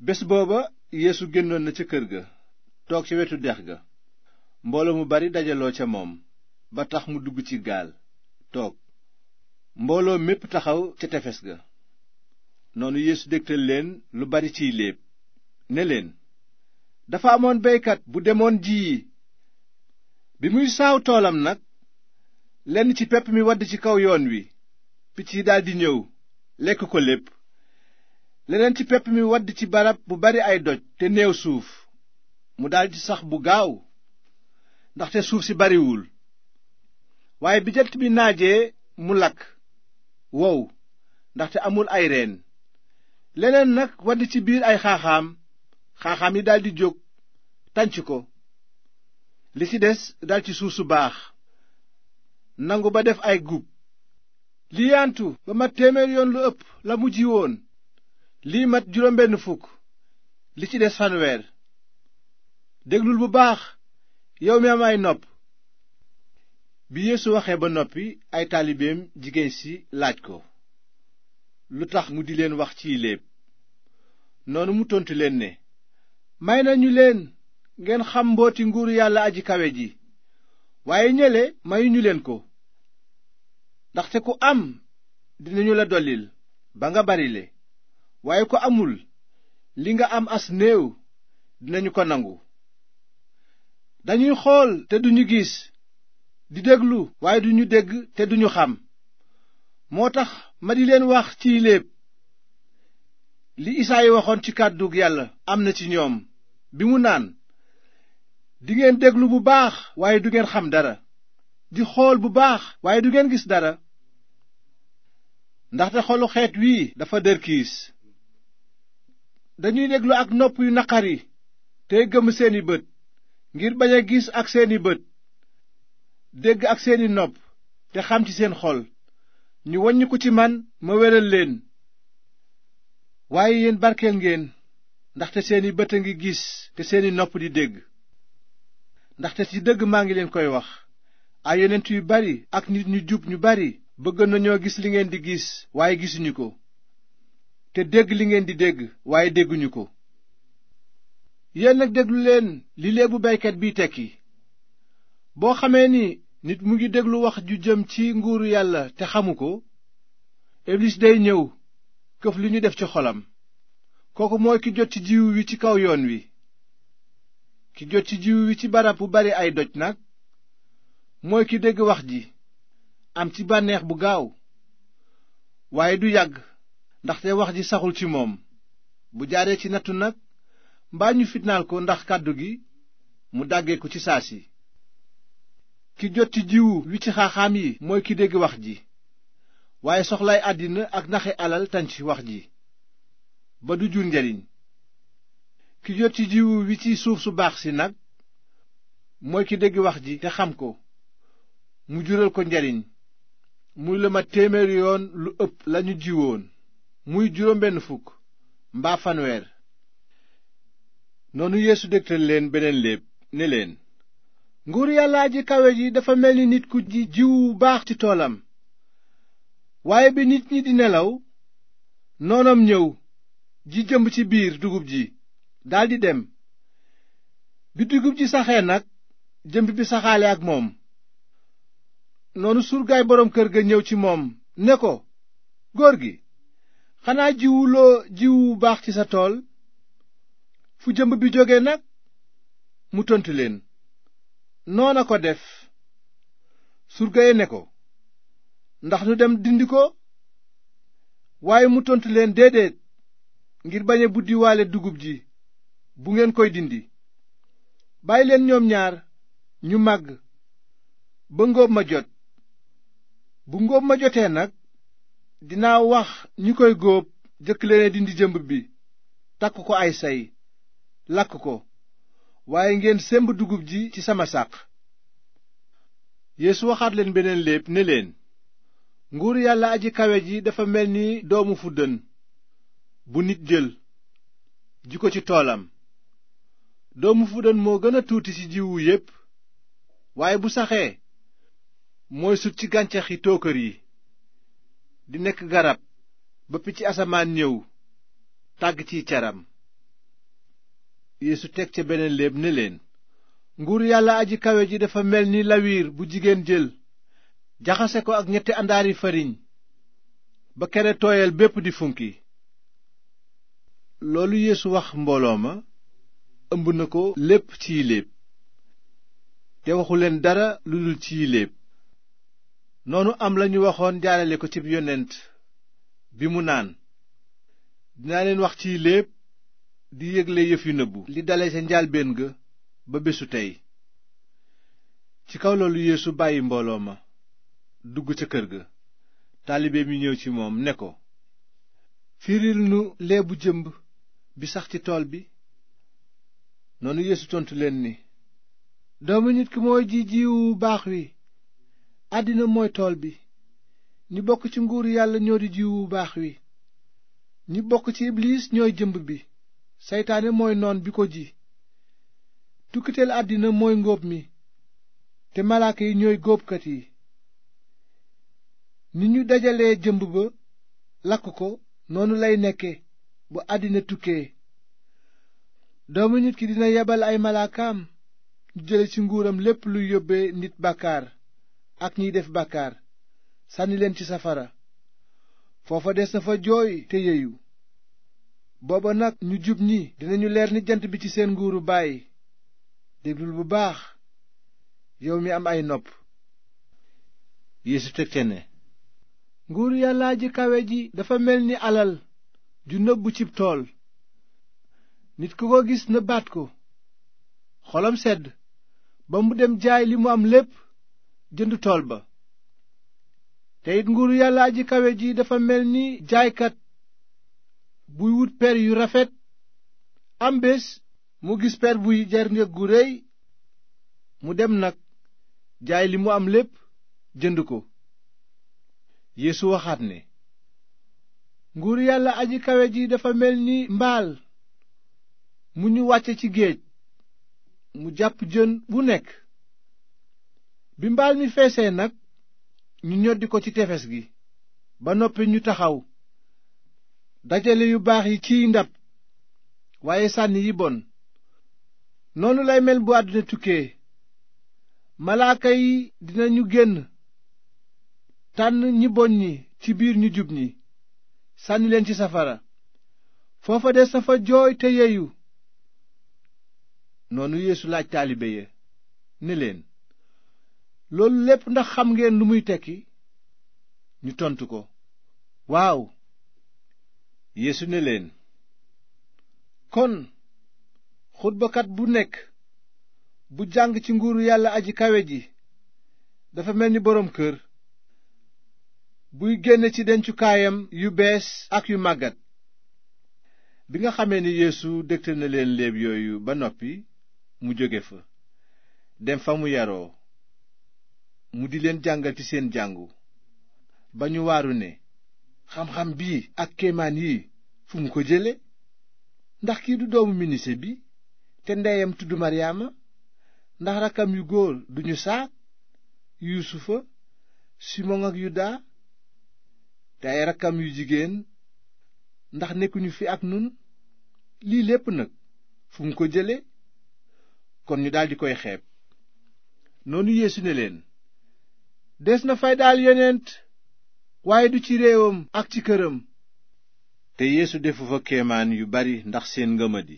bés booba yéesu génnoon na ca kër ga toog ci wetu dex ga mbooloo mu bari dajaloo ca moom ba tax mu dugg ci gaal toog mbooloo mépp taxaw ca tefes ga noonu yeesu dégtal leen lu bari ciy léeb ne leen dafa amoon beykat bu demoon ji yi bi muy saaw toolam nag lenn ci pepp mi wadd ci kaw yoon wi picc yi daldi ñëw lekk ko lépp leneen ci pepp mi wadd ci barab bu bari ay doj te néew suuf mu daldi sax bu gaaw ndaxte suuf si bariwul waaye bi jant bi naajee mu lakk wow ndaxte amul ay reen leneen nag wadd ci biir ay xaaxaam xaaxaam yi daldi jóg tànc ko li ci des dal ci suuf su baax nangu ba def ay gub li yaantu ba ma téeméer yoon lu ëpp la mu ji woon lii mat juróom benn fukk li ci des fanweer déglul bu baax yow mi am ay nopp bi Yeesu waxee ba noppi ay taalibeem jigéen si laaj ko lu tax mu di leen wax ciy léeb noonu mu tontu leen ne may nañu leen ngeen xam mbooti nguuru yàlla aji kawe ji waaye ñële mayuñu leen ko ndaxte ku am dinañu la dollil ba nga barile waaye ko amul li nga am as néew dinañu ko nangu dañuy xool te duñu gis di déglu waaye duñu dégg te duñu xam moo tax ma di leen wax ciy léeb li Isaayi waxoon ci kàddug yàlla am na ci ñoom bi mu naan dingeen déglu bu baax waaye du ngeen xam dara di xool bu baax waaye du ngeen gis dara ndaxte xolu xeet wii dafa dërkiis dañuy déglu ak nopp yu naqari tey gëmm seeni bët ngir bañ a gis ak seeni bët dégg ak seeni nopp te xam ci seen xol ñu ko ci man ma wéral leen waaye yéen barkeel ngeen ndaxte seeni bët a ngi gis te seeni nopp di dégg ndaxte ci dëgg maa ngi leen koy wax ay yonent yu bari ak nit ñu jub ñu bari bëgg nañoo gis li ngeen di gis waaye gisuñu ko te dégg li ngeen di dégg waaye dégguñu ko yéen nag déglu leen li léebu baykat bi tekki boo xamee ni nit mu ngi déglu wax ju jëm ci nguuru yàlla te xamu ko iblis day ñëw këf li ñu def ci xolam kooku mooy ki jot ci jiwu wi ci kaw yoon wi ki jot ci jiwu wi ci barab bu bari ay doj nag mooy ki dégg wax ji am ci bànneex bu gaaw waaye du yàgg ndax te wax ji saxul ci moom bu jaaree ci nattu nag mbaa ñu fitnaal ko ndax kàddu gi mu dàggee ko ci saa si ki jot ci jiwu wi ci xaaxaam yi mooy ki dégg wax ji waaye soxlay àddina ak naxe alal tañ ci wax ji ba du jur njariñ ki jot ci jiwu wi ci suuf su baax si nag mooy ki dégg wax ji te xam ko mu jural ko njariñ muy la ma téeméer yoon lu ëpp lañu jiwoon muy juróom fukk mbaa noonu yéesu dégtal leen beneen léeb ne leen nguuru yàlla ji kawe ji dafa mel ni nit ku ji jiwu bu baax ci toolam waaye bi nit ñi di nelaw noonam ñëw ji jëmb ci biir dugub ji daldi dem bi dugub ji saxee nag jëmb bi saxaale ak moom noonu surgaay boroom kër ga ñëw ci moom né ko góor gi xanaa jiwuloo jiwu bu baax ci sa tool fu jëmb bi jóge nag mu tontu leen noona ko def surga ya ne ko ndax ñu dem dindi ko waaye mu tontu leen déedéet ngir bañ a buddiwaale dugub ji bu ngeen koy dindi bàyyi leen ñoom ñaar ñu màgg ba ngóob ma jot bu ngóob ma jotee nag dinaa wax ñi koy góob jëkk leen dindi jëmb bi takk ko ay say lakk ko waaye ngeen semb dugub ji ci sama sàq Yeesu waxaat beneen léeb ne leen nguuru yàlla aji kawe ji dafa mel ni doomu fuddën bu nit jël ji ko ci toolam doomu fuddën moo gën a tuuti ci jiwu yépp waaye bu saxee mooy sut ci gàncaxi tookër yi di nekk garab ba picc asamaan ñëw tàgg ciy caram yéesu teg ca beneen léeb ne leen nguur yàlla aji kawe ji dafa mel ni lawiir bu jigéen jël jaxase ko ak ñetti àndaari fariñ ba kere tooyal bépp di funki loolu yeesu wax mbooloo ma ëmb na ko lépp ciy léeb te waxu leen dara lu dul ciy léeb noonu am lañu waxoon jaarale ko cib yonent bi mu naan dinaa leen wax ci léeb di yégle yëf yu nëbbu li dale ca njaalbéen ga ba bésu tey ci kaw loolu yéesu bàyyi mbooloo ma dugg ca kër ga taalibe mi ñëw ci moom ne ko firil nu leebu jëmb bi sax ci tool bi noonu Yeesu tontu leen ni doomu nit ki mooy ji jiwu baax wi àddina mooy tool bi ñi bokk ci nguur yàlla ñoo di jiwu bu baax wi ñi bokk ci ibliis ñooy jëmb bi seytaane mooy noon bi ko ji tukkiteel àddina mooy ngóob mi te malaaka yi ñooy góobkat yi ni ñu dajale jëmb ba lakk ko noonu lay nekke bu àddina tukkee doomu nit ki dina yebal ay malaakaam ñu jële ci nguuram lépp luy yóbbe nit bàkkaar ak ñiy def bàkkaar sànni leen ci safara foofa des na fa jooy te yeyu booba nag ñu jub ñi dinañu leer ni jant bi ci seen nguuru bàyyi déglul bu baax yow mi am ay nopp yéesu teg ca ne nguuru yàllaa ji kawe ji dafa mel ni alal ju nëbbu cib tool nit ku ko gis na baat ko xolam sedd ba mu dem jaay li mu am lépp jënd tool ba te it nguuru yàlla aji kawe ji dafa mel ni jaaykat buy wut per yu rafet am bés mu gis per buy jar gu réy mu dem nag jaay li mu am lépp jënd ko yéesu waxaat ne nguuru yàlla aji kawe ji dafa mel ni mbaal mu ñu wàcce ci géej mu jàpp jën bu nekk bi mbaal mi feesee nag ñu ñoddi ko ci tefes gi ba noppi ñu taxaw dajale yu baax yi ciy ndab waaye sànni yi bon noonu lay mel bu àdduna tukkee malaaka yi ñu génn tànn ñi bon ñi ci biir ñu jub ñi sànni leen ci safara foofa des safa jooy te yeeyu noonu yéesu laaj taalibe ya ne leen loolu lépp ndax xam ngeen lu muy tekki ñu tontu ko waaw yeesu ne leen kon xutbakat bu nekk bu jàng ci nguuru yàlla aji kawe ji dafa mel ni boroom kër buy génne ci dencukaayam yu bees ak yu màggat bi nga xamee ni yeesu dégtal na leen léeb yooyu ba noppi mu jóge fa dem fa mu yaroo mu di leen jàngal ci seen jàngu ba ñu waaru ne xam-xam bii ak kéemaan yi fu mu ko jële ndax kii du doomu minise bi te ndeyam tudd maryaama ndax rakkam yu góor duñu saat yuusufa simon ak yuda te ay rakkam yu jigéen ndax nekkuñu fi ak nun lii lépp nag fu mu ko jële kon ñu daldi koy xeeb noonu yeesu ne leen des na fay daal yonent waaye du ci réewam ak ci këram te yéesu defu fa kéemaan yu bari ndax seen ngëmadi